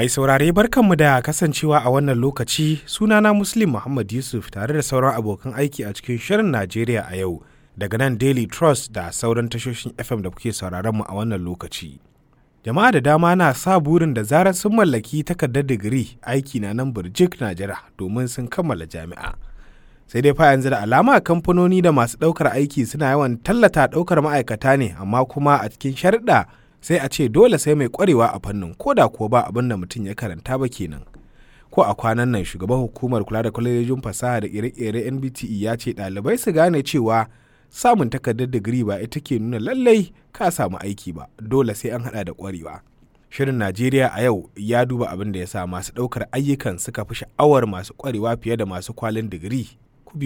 Mai saurare barkanmu da kasancewa a wannan lokaci sunana Muslim Muhammad Yusuf tare da sauran abokan aiki a cikin shirin Najeriya a yau daga nan Daily Trust da sauran tashoshin FM da kuke sauraron mu a wannan lokaci. Jama'a da dama na sa burin da zarar sun mallaki takardar digiri aiki na nan Birjik najera domin sun kammala jami'a. Sai dai fa yanzu da alama kamfanoni da masu ɗaukar aiki suna yawan tallata ɗaukar ma'aikata ne amma kuma a cikin sharɗa sai a ce dole sai mai kwarewa a fannin ko da kuwa ba abin da mutum ya karanta ba kenan ko a kwanan nan shugaban hukumar kula da kwalejin fasaha da ire-ire nbte ya ce ɗalibai su gane cewa samun takardar digiri ba ita ke nuna lallai ka samu aiki ba dole sai an hada da kwarewa shirin najeriya a yau ya duba abin da ya sa masu ɗaukar ayyukan suka fi sha'awar masu kwarewa fiye da masu kwalin digiri ku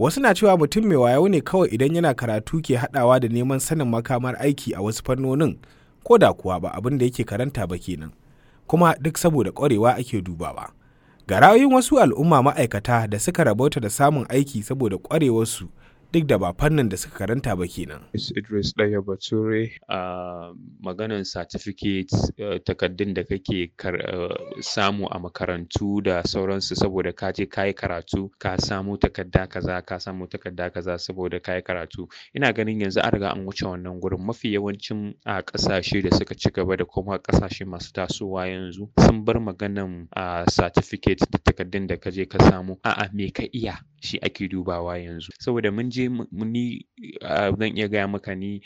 Wasu na cewa mutum mai wayo ne kawai idan yana karatu ke hadawa da neman sanin makamar aiki a wasu fannonin ko da kuwa ba abin da yake karanta ba kenan. Kuma duk saboda kwarewa ake dubawa. Ga rayuwar wasu al'umma ma'aikata da suka rabauta da samun aiki saboda kwarewar su. duk da ba fannin da suka karanta ba kenan. Idris Daya Bature a maganan certificate eh, takardun da kake eh, samu a makarantu da sauransu saboda ka je kayi karatu ka samu takarda kaza ka samu takarda kaza saboda kayi karatu ina ganin yanzu an riga an wuce wannan gurin mafi yawancin a kasashe da suka ci gaba da kuma kasashe masu tasowa yanzu sun bar maganan a certificate da takardun da ka je ka samu a'a me ka iya shi ake dubawa yanzu saboda mun Jim Mooney zan iya gaya maka ni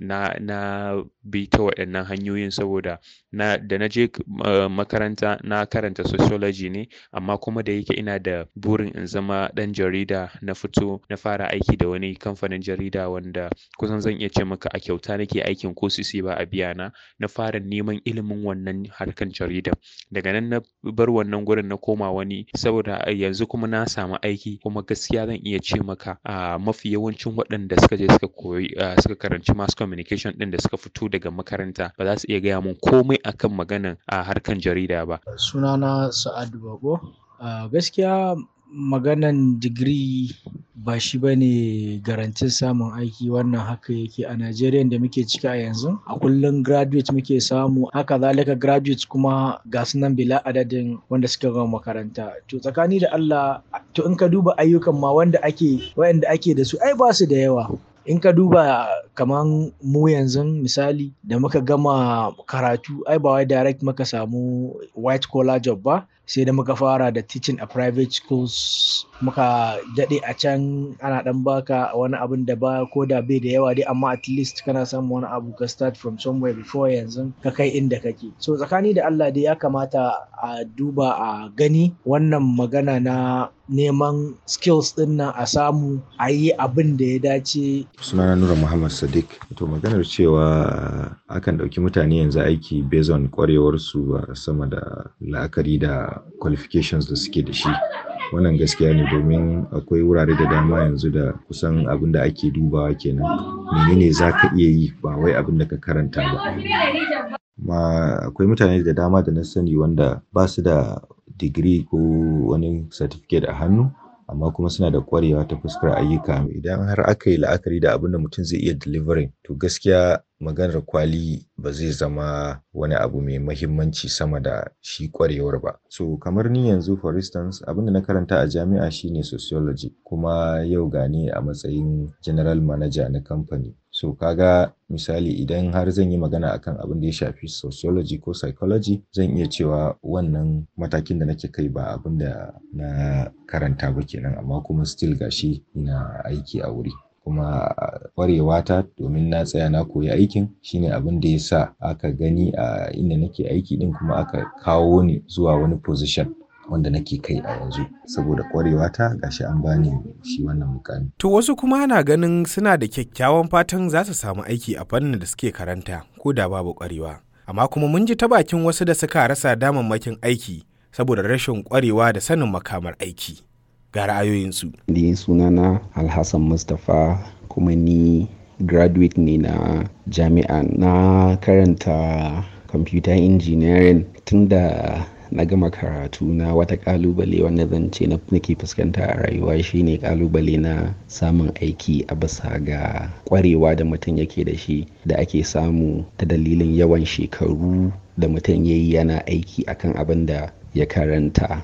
na bi ta waɗannan hanyoyin saboda da na je eh, makaranta na karanta sociology ne amma kuma da yake ina da burin in zama ɗan jarida na fito na fara aiki da wani kamfanin jarida wanda kusan zan iya ce maka a kyauta nake aikin ko sisi ba a biya na na fara neman ilimin wannan harkan jarida daga nan na bar wannan gurin na koma wani saboda yanzu kuma na samu aiki kuma gaskiya zan iya ce maka a mafi yawancin waɗannan waɗanda suka je suka koyi suka karanci mass communication ɗin da suka fito daga makaranta ba za su iya gaya mun komai akan maganan a harkan jarida ba. Sunana sa'adu Bako. gaskiya maganan digiri ba shi ba ne garantin samun aiki wannan haka yake a Najeriya da muke ciki a yanzu a kullum graduate muke samu haka zalika graduate kuma ga su bila adadin wanda suka gama makaranta to tsakani da Allah to in ka duba ayyukan ma wanda ake wanda ake da su ai ba su da yawa in ka duba kaman mu yanzu misali da muka gama karatu ai ba wai direct muka samu white collar job ba sai da muka fara da teaching a private schools muka daɗe a can ana ɗan baka wani abin da ba ko da bai da yawa dai amma at least kana samun wani abu ka start from somewhere before yanzu ka kai inda kake so tsakani da Allah dai ya kamata a duba a gani wannan magana na neman skills din nan a samu a yi abin da ya dace sunana nura muhammad sadiq to maganar cewa akan ɗauki mutane yanzu aiki based on kwarewarsu sama da la'akari da qualifications da suke da shi wannan gaskiya ne domin akwai wurare da dama yanzu da kusan abin da ake dubawa kenan menene za ka iya yi ba wai abin da ka karanta ba ma akwai mutane da dama da na sani wanda ba su da digiri ko wani certificate a hannu amma kuma suna da kwarewa ta fuskar ayyuka idan har aka yi la'akari da abin da mutum zai iya delivering to gaskiya maganar kwali ba zai zama wani abu mai mahimmanci sama da shi kwarewar ba. So kamar ni yanzu for instance abin da na karanta a jami'a shine sociology kuma yau gani a matsayin general manager na kamfani. So kaga misali idan har zan yi magana akan abin da ya shafi sociology ko psychology zan iya cewa wannan matakin da nake kai ba abin da na karanta ba kenan amma kuma still gashi ina aiki a wuri. kuma kwarewa ta domin na tsaya na koyi aikin shine abin da ya sa aka gani a inda nake aiki ɗin kuma aka kawo ni zuwa wani position wanda nake kai a yanzu saboda kwarewa ta gashi an bani shi wannan mukami. To wasu kuma na ganin suna da kyakkyawan fatan za su samu aiki a fannin da suke karanta ko da babu kwarewa. Amma kuma mun ji ta bakin wasu da suka rasa damammakin aiki saboda rashin kwarewa da sanin makamar aiki. ga ra'ayoyinsu. Ni sunana Alhassan Mustapha kuma ni graduate ne na jami'a na karanta computer engineering tun da na gama karatu na wata kalubale wanda zan ce na nake fuskanta a rayuwa shine kalubale na samun aiki a bisa ga kwarewa da mutum yake da shi da ake samu ta dalilin yawan shekaru da mutum ya yi yana aiki akan abin da ya karanta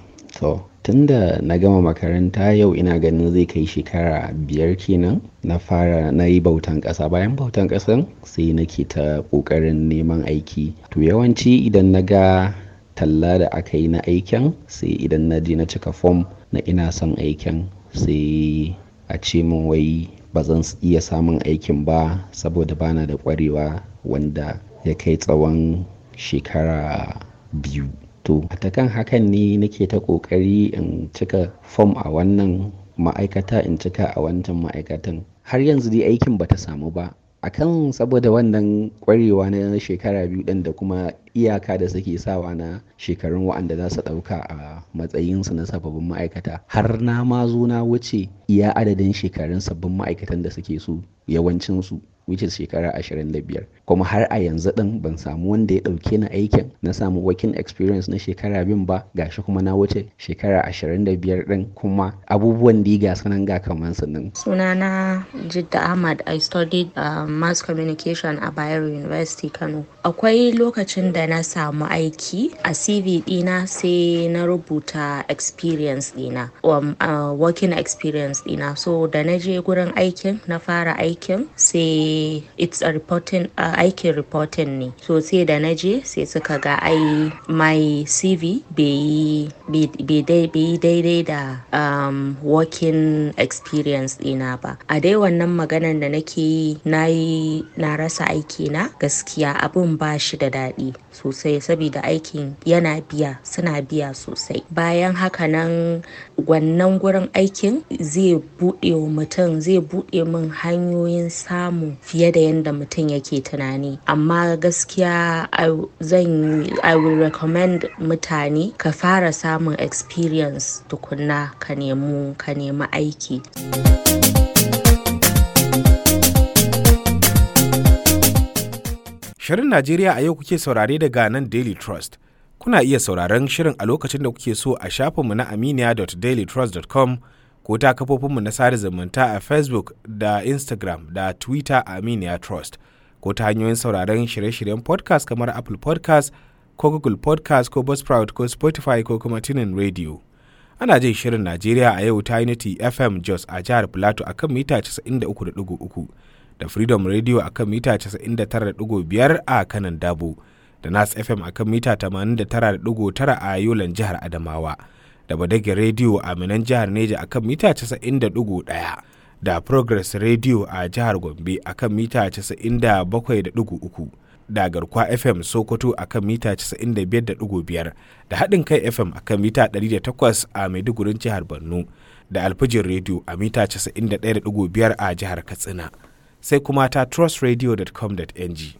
tun da na gama makaranta yau ina ganin zai kai shekara biyar kenan na fara na yi bautan ƙasa bayan bautan ƙasan sai nake ta ƙoƙarin neman aiki to yawanci idan na ga talla da aka yi na aikin sai idan na je na cika fom na ina son aikin sai a ce min wai ba zan iya samun aikin ba saboda bana da ƙwarewa wanda ya kai tsawon shekara biyu to a kan hakan ne nake ta kokari in cika fom a wannan ma'aikata in cika a wancan ma'aikatan har yanzu dai aikin ba ta samu ba A kan saboda wannan kwarewa na shekara biyu ɗin da kuma iyaka da suke sawa na shekarun wa'anda za su ɗauka a matsayinsu na sababbin ma'aikata har na ma zo na wuce iya adadin shekarun sabbin ma'aikatan da suke su yawancinsu which is shekara 25 kuma har a yanzu din ban samu wanda ya ɗauke ni aikin na samu working experience na shekara bin ba gashi kuma na wuce shekara 25 din kuma abubuwan da ga sanan ga kaman sanin sunana jidda ahmad i studied uh, mass communication a bayero university kano akwai lokacin da na samu aiki a cv dina sai na rubuta experience dina um, uh, working experience dina so da na je gurin aikin na fara aikin sai it's a reporting a aikin reporting ne so sai da na je sai suka ga ai my cv bai yi daidai da um, working experience dina ba a dai wannan maganan da nake yi na na rasa aiki na gaskiya abun ba shi da daɗi sosai saboda aikin yana biya suna biya sosai bayan haka nan wannan gurin aikin zai buɗe mutum zai buɗe min hanyoyin samun fiye da yadda mutum yake tunani amma gaskiya zan i will recommend mutane ka fara samun experience tukunna ka nemi ka nemi aiki Shirin Najeriya a yau kuke saurare daga nan Daily Trust. Kuna iya sauraron shirin a lokacin da kuke so a shafinmu na aminiya.dailytrust.com ko ta kafofinmu na sada zumunta a facebook da instagram da twitter aminiya trust ko ta hanyoyin sauraron shirye-shiryen podcast kamar apple podcast ko google podcast ko buzzsprout ko spotify ko kuma tunin radio ana jin shirin najeriya a yau ta unity fm jos a jihar plateau a kan mita 93.3 da freedom radio a kan mita 99.5 a kanan dabo da nas fm a kan mita 89.9 a yolan jihar adamawa da Badage Radio a Minan jihar Neja akan mita 90.1 da Progress Radio a jihar Gombe akan mita 97.3 da Garkwa FM Sokoto akan mita 95.5 da Haɗin kai FM akan mita 108 a Maidugurin jihar Borno da Alfijin Radio a mita 91.5 a jihar Katsina sai kuma ta trustradio.com.ng.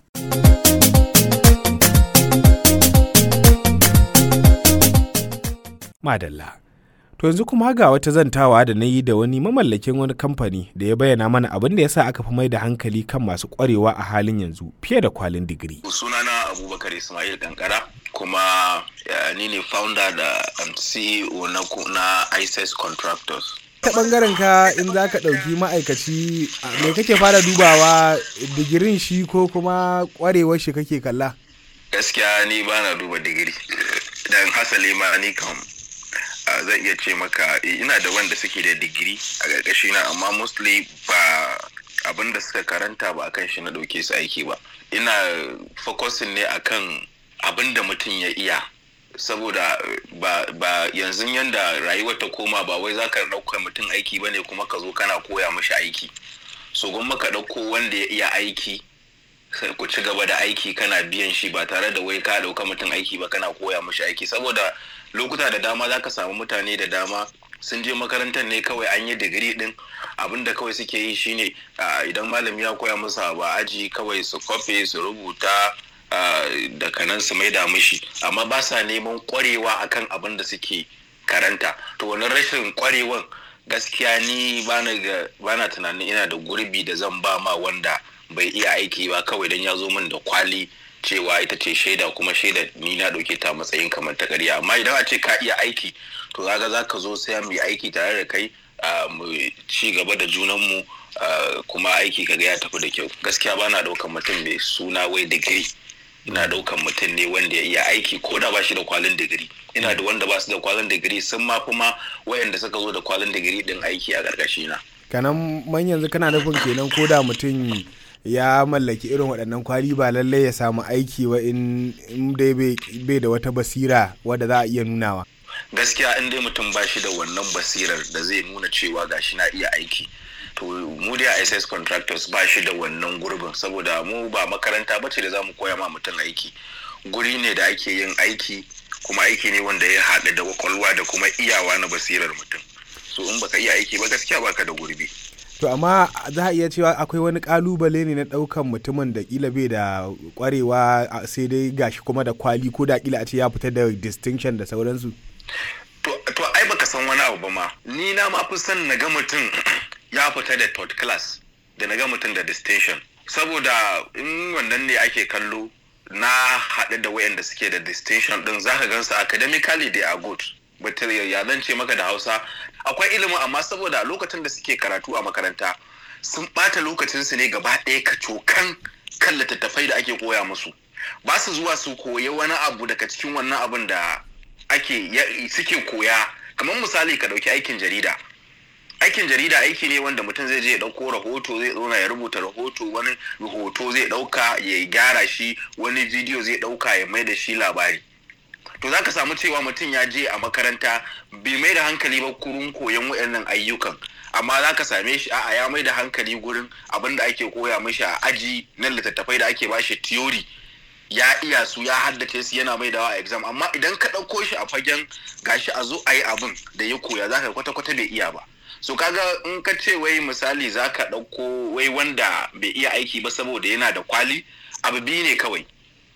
Madalla. To yanzu kuma ga wata zantawa da na yi da wani mamallakin wani kamfani da ya bayyana mana abin da ya sa aka fi mai da hankali kan masu kwarewa a halin yanzu fiye da kwalin digiri. Sunana Abubakar Ismail Kankara kuma ni ne founder da um, CEO na, na ISIS Contractors. Ta bangaren ka in za ka ɗauki ma'aikaci me kake fara dubawa digirin shi ko kuma kwarewar shi kake kalla? Gaskiya ni ba na duba digiri. Dan hasali ma ni kam zai iya ce maka eh, ina da wanda suke da digiri a ƙarƙashi na amma mostly ba abin da suka karanta ba akan shi na ɗauke su aiki ba ina focusing ne akan abin da mutum ya iya saboda eh, ba, ba yanzu yanda rayuwa ta koma ba wai za ka ɗauka mutum aiki ba ne kuma ka zo kana koya mashi aiki so gwamma ka ɗauko wanda ya iya aiki ku ci gaba da aiki kana biyan shi ba tare da wai ka dauka mutum aiki ba kana koya mashi aiki saboda lokuta da dama za ka samu mutane da dama sun je makarantar ne kawai an yi digiri din abinda kawai suke yi shine idan malami ya koya musu abu aji kawai su kofi su rubuta da kanan su maida mushi amma ba sa neman kwarewa akan abin da suke karanta to wani rashin kwarewan gaskiya ni bana tunanin ina da gurbi da zan ba ma wanda bai iya aiki ba kawai don ya zo min da kwali cewa ita ce shaida kuma shaida ni na ɗauke ta matsayin kamar ta ƙarya amma idan a ce ka iya aiki to zaga za ka zo sai mu yi aiki tare da kai mu ci gaba da junanmu kuma aiki ka ya tafi da kyau gaskiya ba na ɗaukan mutum mai suna wai digiri ina ɗaukan mutum ne wanda ya iya aiki ko da ba shi da kwalin digiri ina da wanda ba su da kwalin digiri sun ma fi ma wayanda suka zo da kwalin digiri ɗin aiki a ƙarƙashina. kanan man yanzu kana nufin kenan ko da mutum ya mallaki irin waɗannan kwari ba lallai ya samu aiki wa in dai bai da wata basira wadda za a iya nunawa gaskiya in dai mutum ba shi da wannan basirar da zai nuna cewa ga shi na iya aiki to mu dai ISS contractors ba shi da wannan gurbin saboda mu ba makaranta ba ce da za mu koya ma mutum aiki guri ne da ake yin aiki kuma aiki ne wanda ya haɗu da kwakwalwa da kuma iyawa na basirar mutum so in baka iya aiki ba gaskiya baka da gurbi to amma za a iya cewa akwai wani kalubale ne na daukan mutumin da kila bai da kwarewa sai dai gashi kuma da kwali ko da kila a ce ya fita da distinction da sauransu to ai baka san wani abu ba ma ni na ma fi son na ga mutum ya fita da third class da na ga mutum da distinction saboda in wannan ne ake kallo na haɗu da wayanda suke da distinction din zaka gansu academically they are good batiriyar ya zan ce maka da hausa akwai ilimin amma saboda lokacin da suke karatu a makaranta sun ɓata lokacinsu ne gaba ɗaya cokan kan littattafai da ake koya musu ba su zuwa su koya wani abu daga cikin wannan abun da ake suke koya kamar misali ka ɗauki aikin jarida aikin jarida aiki ne wanda mutum zai je ya ɗauko rahoto zai zauna ya rubuta rahoto wani rahoto zai ɗauka ya gyara shi wani bidiyo zai ɗauka ya mai da shi labari to za ka samu cewa mutum ya je a makaranta bai mai da hankali ba kurun koyon waɗannan ayyukan amma za ka same shi a ya mai da hankali gurin abin da ake koya mashi a aji na littattafai da ake ba shi, tiyori ya iya su ya haddace su yana mai dawa a exam amma idan ka ɗauko shi a fagen gashi a zo a yi abin da ya koya za ka kwata-kwata bai iya ba so kaga in ka ce wai misali za ka ɗauko wai wanda bai iya aiki ba saboda yana da kwali abu biyu ne kawai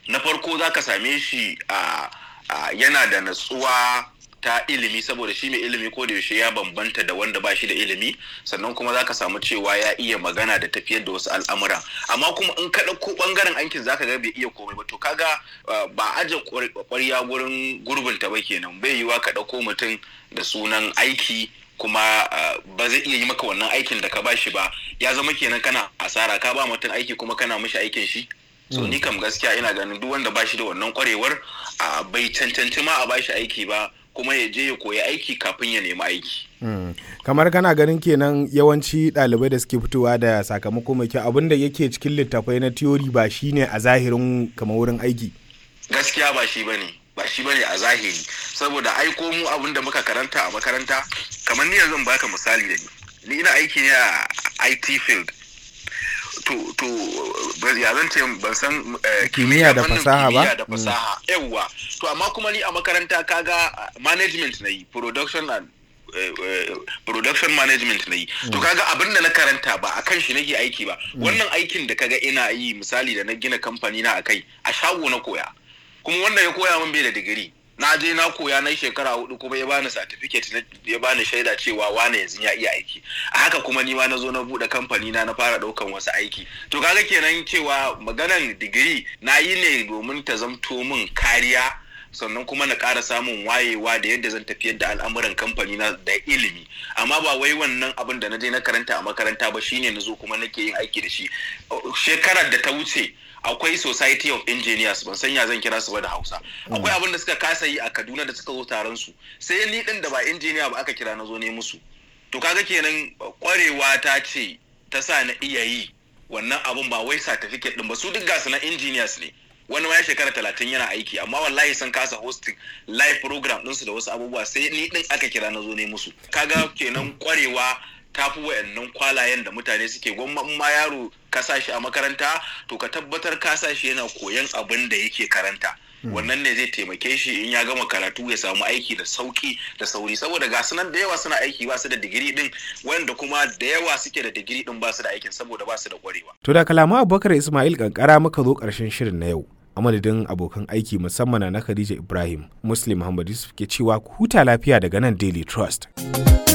na farko za ka same shi a yana da natsuwa ta ilimi saboda shi mai ilimi ko da yaushe ya bambanta da wanda ba shi da ilimi sannan kuma za ka samu cewa ya iya magana da tafiyar da wasu al'amura amma kuma in ka ɗauko ɓangaren aikin zaka ga bai iya komai ba to ka ga ba aje ƙwarya gurbin ta ba kenan bai yiwa ka ɗauko mutum da sunan aiki kuma ba zai iya yi maka wannan aikin da ka ba shi ba ya zama kenan kana asara ka ba mutum aiki kuma kana mishi aikin shi so mm. ni kam gaskiya ina ganin duk wanda ba bashi da wannan kwarewar a bai cancanci ma a ba shi aiki ba kuma ya je ya koyi aiki kafin ya nemi aiki mm. kamar kana ganin kenan yawanci ɗalibai da suke fitowa da sakamako mai kyau abinda yake cikin littafai na tiyori ba shi ne a zahirin kamar wurin aiki gaskiya ba shi bane ba shi bane a zahiri saboda aiko mu abin muka karanta a makaranta kamar ni yanzu baka misali da ni ni ina aiki ne a IT field to ce ban san eh, kimiyya da fasaha ba yawwa mm. to amma kuma ni a makaranta kaga ah, management na yi production and eh, eh, production management na yi to mm. kaga abin da na karanta ba a kan shi nake aiki ba mm. wannan aikin da kaga ina yi misali da na gina kamfani na akai a shago na koya kuma wanda ya koya min bai da digiri na je na koya na shekara hudu kuma ya bani certificate ya bani shaida cewa wane yanzu ya iya aiki a haka kuma ni ma na zo na bude kamfani na na fara daukan wasu aiki to kaga kenan cewa maganan digiri na yi ne domin ta zamto min kariya sannan kuma na ƙara samun wayewa da yadda zan tafiyar da al'amuran kamfani na da ilimi amma ba wai wannan abin da na je na karanta a makaranta ba shine na zo kuma nake yin aiki da shi shekarar da ta wuce akwai society of engineers ban san ya zan kira su ba da hausa hmm. akwai abin da suka kasa yi a kaduna da suka zo taron su sai ni din da ba engineer ba aka kira na zo ne musu to kaga kenan kwarewa ta ce ta sa na iya yi wannan abun ba wai certificate din ba su duk gasu na engineers ne wani ma ya shekara talatin yana aiki amma wallahi sun kasa hosting live program din su da wasu abubuwa sai ni din aka kira na zo ne musu kaga kenan kwarewa ta fi wayannan kwalayen da mutane suke gwamma ma yaro ka sa shi a makaranta to ka tabbatar ka sa shi yana koyan abin da yake karanta hmm. wannan ne zai taimake shi in ya gama karatu ya samu aiki da sauki da sauri saboda ga sunan da yawa suna aiki ba su da digiri din wanda kuma da yawa suke da digiri din ba su da aikin saboda ba su da kwarewa to da kalamu abubakar ismail kankara muka zo karshen shirin na yau a abokan aiki musamman na khadija ibrahim muslim muhammad yusuf ke cewa ku huta lafiya daga nan daily trust